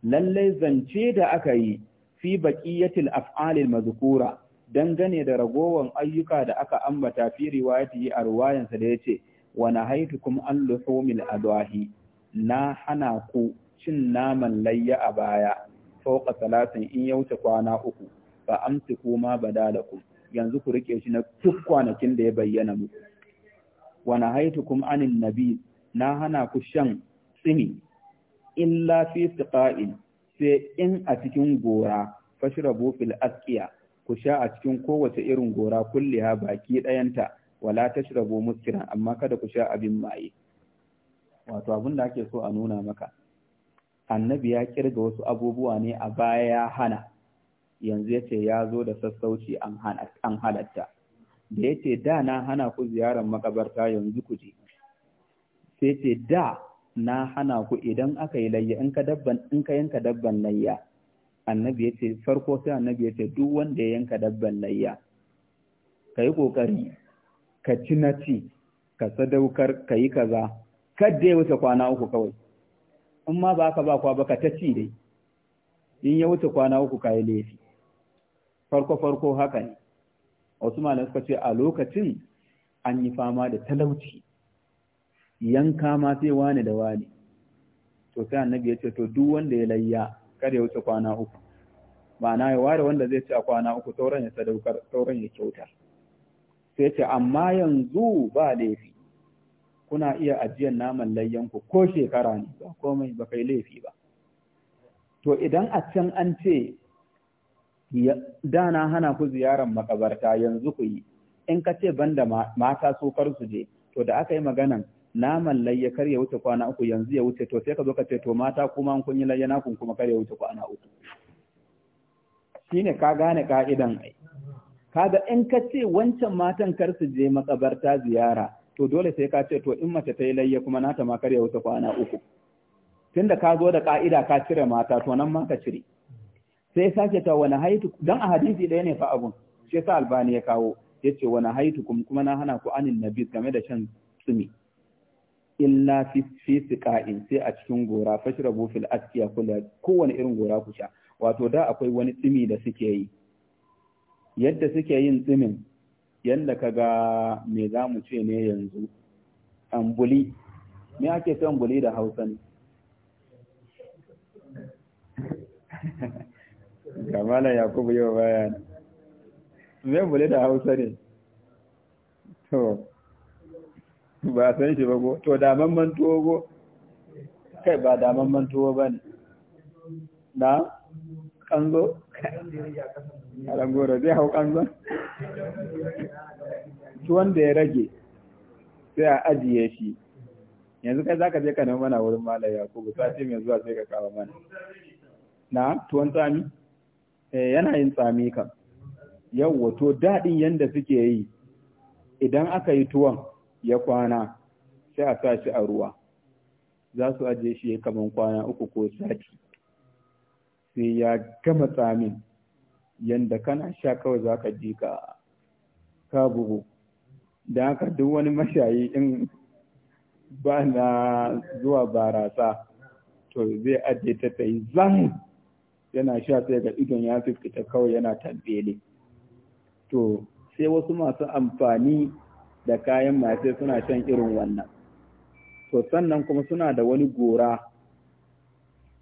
lalle zance da aka yi fi baqiyatil af'alil mazkura dangane da ragowan ayyuka da aka ambata fi riwayati a ruwayansa da yace wa nahaitukum an luhumil adwahi na hana ku cin naman layya a baya fauka salatin in ya kwana uku fa amsiku ma badalakum yanzu ku rike shi na duk kwanakin da ya bayyana muku wa nahaitukum anin nabi na hana ku shan tsini illa fi siqa'in sai in a cikin gora fashrabu fil asqiya ku sha a cikin kowace irin gora kulliha baki dayanta wala tashrabu muskira amma kada ku sha abin maye wato abin da ake so a nuna maka annabi ya kirga wasu abubuwa ne a baya ya hana yanzu ya ce ya zo da sassauci an halatta da ya ce da na hana ku ziyarar makabarta yanzu ku je sai ce da na hana ku idan aka yi layya in ka dabban in ka yanka dabban layya annabi ya ce farko sai annabi ya ce duk wanda ya yanka dabban layya kai kokari ka ci na ci ka sadaukar ka yi kaza kadda ya wuce kwana uku kawai in ma ba ka ba kwa ba ka ta ci dai in ya wuce kwana uku ka yi laifi farko farko haka ne wasu ma suka ce a lokacin an yi fama da talauci yanka ma sai wani da wani to sai annabi ya ce to duk wanda ya layya kada ya wuce kwana uku ma'ana ya ware wanda zai ci a kwana uku sauran ya sadaukar sauran ya kyautar sai ce amma yanzu ba laifi kuna iya ajiyar naman layyanku ko shekara ne ba komai ba kai laifi ba to idan a can an ce da na hana ku ziyarar makabarta yanzu ku yi in ka ce banda mata su kar su je to da aka yi maganan naman layya kar ya wuce kwana uku yanzu ya wuce to sai ka zo ka ce to mata kuma an kun yi layya na kun kuma kar ya wuce kwana uku shine ka gane ka'idan ai kaga in ka ce wancan matan kar su je makabarta ziyara to dole sai ka ce to in mace ta yi layya kuma nata ma kar ya wuce kwana uku tunda ka zo da ka'ida ka cire mata to nan ma ka cire sai sake ta wani haitu dan a hadisi ɗaya ne fa abun shi sa albani ya kawo Ya ce wani haitu kuma na hana ku anin nabi game da shan tsumi illa fi fi siqa'in sai a cikin gora fashrabu fil askiya kullu kowane irin gora ku sha wato da akwai wani tsimi da suke yi yadda suke yin tsimin yadda ka ga me za mu ce ne yanzu ambuli me ake ce ambuli da hausa ne kamala [LAUGHS] yakubu yau baya me ambuli da hausa ne to ba san shi ba ko. to da mamman tuwo ko, kai ba da mamman tuwo ba ne na zo. Alan goro zai hau kanzon? Shi da ya rage sai a ajiye shi. Yanzu kai za ka je ka nemi mana wurin Malam Yakubu ce mai zuwa sai ka kawo mana. Na tuwon tsami? Eh yana yin tsami kan. wato to daɗin yanda suke yi idan aka yi tuwon ya kwana sai a sa shi a ruwa. Za su ajiye shi kamar kwana uku ko sati. Sai ya gama tsamin yanda kana sha kawai za ka ji ka ka bugu da haka duk wani mashayi in ba na zuwa barasa to zai ajiye ta ta yi zan yana sha sai ga idon ya fita kawai yana tabbele to sai wasu masu amfani da kayan masu suna shan irin wannan to sannan kuma suna da wani gora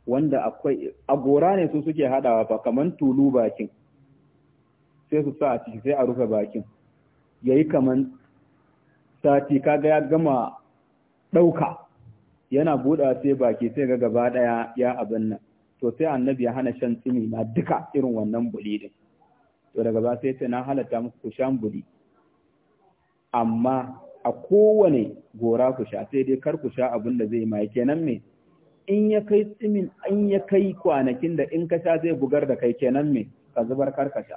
wanda akwai a gora ne su suke hadawa fa kamar tulu bakin sai su sa a ciki sai a rufe bakin ya yi kaman sati kaga ya gama ɗauka yana buɗa sai baki sai ga gaba ɗaya ya abin nan to sai annabi ya hana shan tsimi na duka irin wannan buli din to daga ba sai ce na halatta musu ku shan buli amma a kowane gora ku sha sai dai kar ku sha abin da zai mai kenan me in ya kai tsimin an ya kai kwanakin da in ka sha zai bugar da kai kenan me ka zubar kar ka sha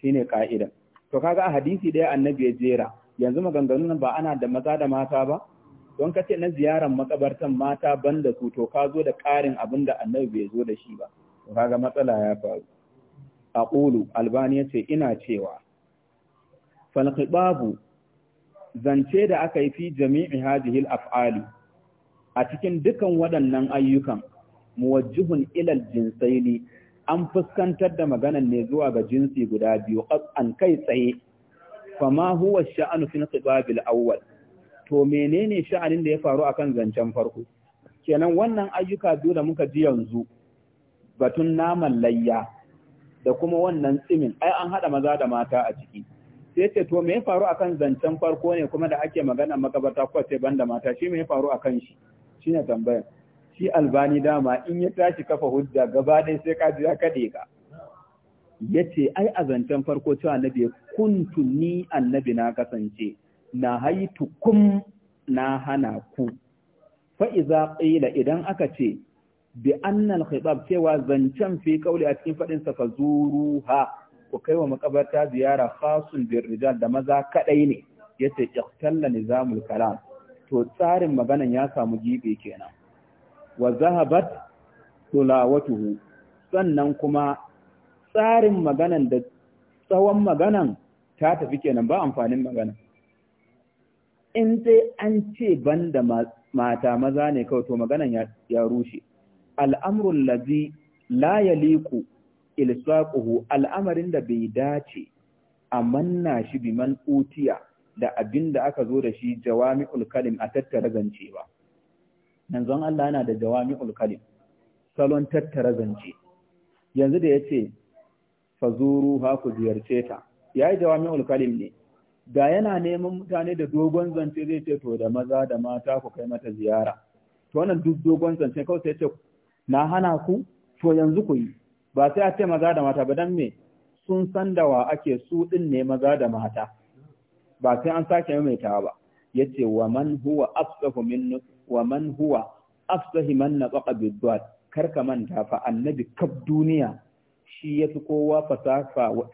shine ka'ida to kaga a hadisi ɗaya annabi ya jera yanzu maganganun ba ana da maza da mata ba don ka na ziyarar makabartan mata banda su to ka zo da ƙarin abin da annabi bai zo da shi ba to kaga matsala ya faru aqulu albani yace ina cewa fal khibabu zance da aka yi fi jami'i hadhihi al af'ali a cikin dukan waɗannan ayyukan muwajjihun ilal jinsaini an fuskantar da maganan ne zuwa ga jinsi guda biyu an kai tsaye fama huwa sha'anu fi nasibabil awwal to menene sha'anin da ya faru akan zancen farko kenan wannan ayyuka biyu da muka ji yanzu batun naman layya da kuma wannan tsimin ai an haɗa maza da mata a ciki sai ce to me ya faru akan zancen farko ne kuma da ake magana makabata ko ce banda mata shi me ya faru akan shi shine tambayar shi albani dama in ya tashi kafa hujja gaba ɗaya sai ka ya kaɗe ka ya ce ai a zancen farko cewa annabi kuntu ni annabi na kasance na haitu kum na hana ku fa'iza ƙila idan aka ce bi annal khitab cewa zancen fi kauli a cikin faɗin sa fazuruha ku kai wa makabarta ziyara khasun bir da maza kadai ne yace ihtalla nizamul kalam to tsarin maganan ya samu gibe kenan wa zahabat tulawatuhu sannan kuma tsarin maganan da tsawon maganan ta tafi kenan ba amfanin magana in dai an ce banda mata maza ne kawai to maganan ya rushe al'amrun lazi la yaliku ilsaquhu al'amarin da bai dace a manna shi biman utiya da abin da aka zo da shi jawami'ul kalim a tattara zancewa. ba Yanzu Allah yana da jawami'ul kalim salon tattara zance yanzu da yace fazuru ha ku ziyarce ta yayi jawami'ul kalim ne da yana neman mutane da dogon zance zai ce to da maza da mata ku kai mata ziyara to wannan duk dogon zance kawai sai ce na hana ku to yanzu ku yi ba sai a ce maza da mata ba dan me sun san da wa ake su din ne maza da mata ba sai an sake maimaitawa ba yace wa man huwa asfahu min wa man huwa afsahi man nabaqa bid karka manta fa annabi kab duniya shi yafi kowa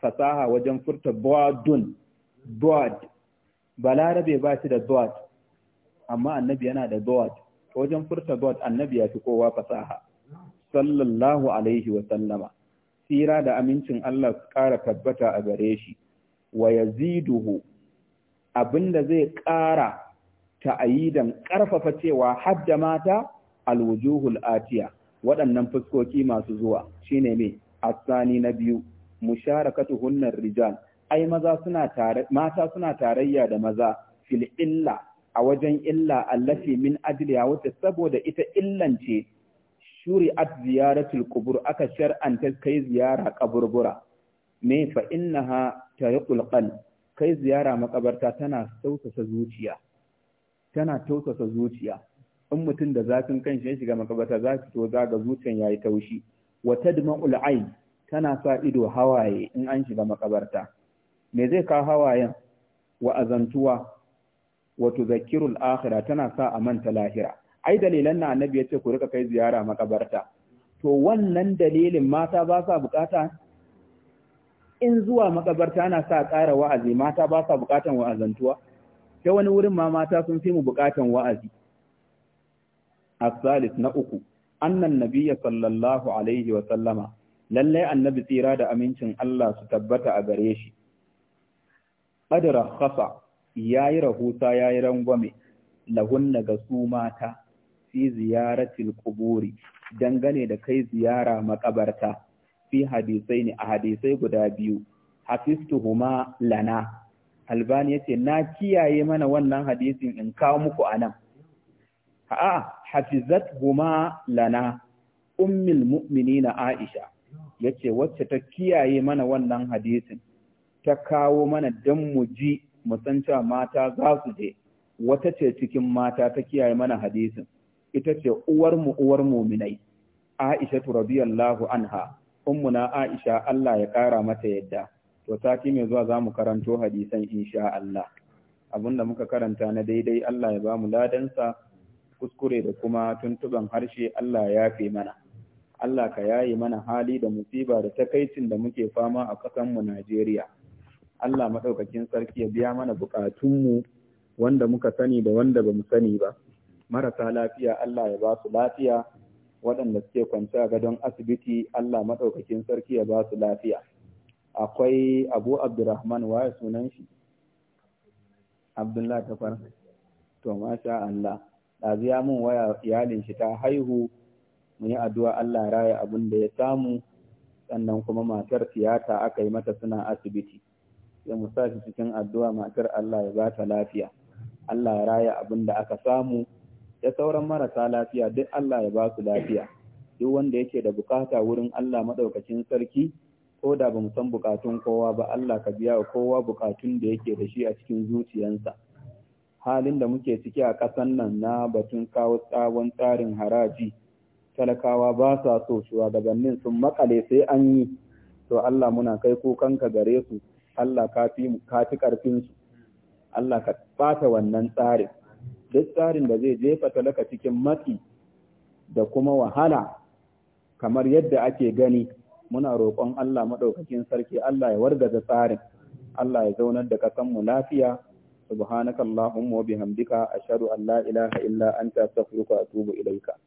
fasaha wajen furta badun dad balarabe ba shi da dad amma annabi yana da dad wajen furta dad annabi yafi kowa fasaha sallallahu alaihi wa sallama tsira da amincin Allah su ƙara tabbata a gare shi wa yaziduhu abinda zai ƙara ta'ayidan ƙarfafa cewa hadda mata alwujuhul atiya waɗannan fuskoki masu zuwa shine me asani na biyu musharakatu hunnar rijal ai maza suna tare mata suna tarayya da maza fil illa a wajen illa allati min ajliya wata saboda ita illan ce shuri'at ziyaratul qubur aka shar'anta kai ziyara kaburbura me fa innaha tayqul qalb kai ziyara makabarta tana sautasa zuciya tana tausasa zuciya in mutum da zafin kan shi shiga makabata za fito za ga zuciyan yayi taushi wa tadma'ul ayn tana sa ido hawaye in an shiga makabarta me zai ka hawayen wa azantuwa wa tuzakkirul akhirah tana sa a manta lahira ai dalilan nan annabi yace ku rika kai ziyara makabarta to wannan dalilin mata ba sa bukata in zuwa makabarta na sa ƙara wa'azi mata ba sa bukatan wa'azantuwa ta wani wurin ma mata sun fi mu bukatan wa'azi as-salis na uku annan nabiyya sallallahu alaihi wa sallama lallai annabi tsira da amincin Allah su tabbata a gare shi qadra khafa yayi rahusa yayi rangwame lahunna ga su mata fi ziyaratil quburi dangane da kai ziyara makabarta fi hadisai ne a hadisai guda biyu hafistuhuma lana albani yace na kiyaye mana wannan hadisin in kawo muku anan a'a hafizat huma lana ummul mu'minina aisha yace wacce ta kiyaye mana wannan hadisin ta kawo mana dan mu ji mu mata za su je wata ce cikin mata ta kiyaye mana hadisin ita ce uwar mu uwar mu'minai aisha radiyallahu anha ummuna aisha Allah ya kara mata yadda to sati mai zuwa za mu karanto hadisan insha Allah da muka karanta na daidai Allah ya ba mu ladansa kuskure da kuma tuntuban harshe Allah ya fi mana Allah ka yayi mana hali da musiba da takaicin da muke fama a mu Najeriya Allah maɗaukakin sarki ya biya mana mu wanda muka sani da wanda ba mu sani ba marasa lafiya Allah ya ba su lafiya waɗanda suke kwanci a gadon asibiti Allah maɗaukakin sarki ya ba su lafiya akwai abu abdurrahman waye sunan shi Abdullahi tafar to masha Allah ɗazu ya mun waya iyalin shi ta haihu mu yi addu'a Allah raya abin da ya samu sannan kuma matar tiyata aka yi mata suna asibiti sai mu sa shi cikin addu'a matar Allah ya ba ta lafiya Allah ya raya abin da aka samu ya sauran marasa lafiya duk Allah ya ba su lafiya duk wanda yake da bukata wurin Allah madaukakin sarki ko da ba mu san bukatun kowa ba Allah ka biya wa kowa bukatun da yake da shi a cikin zuciyansa halin da muke ciki a ƙasan nan na batun kawo tsawon tsarin haraji talakawa ba sa so shugabannin sun makale sai an yi to Allah muna kai kukan ka gare su Allah ka fi karfin su Allah ka fata wannan tsarin duk tsarin da zai jefa talaka cikin matsi da kuma wahala kamar yadda ake gani muna roƙon Allah maɗaukakin sarki Allah ya wargaza tsarin Allah ya zaunar da ƙasanmu lafiya subhanakallahumma wa bihamdika A an Allah ilaha illa an anta astaghfiruka a tubu ilaika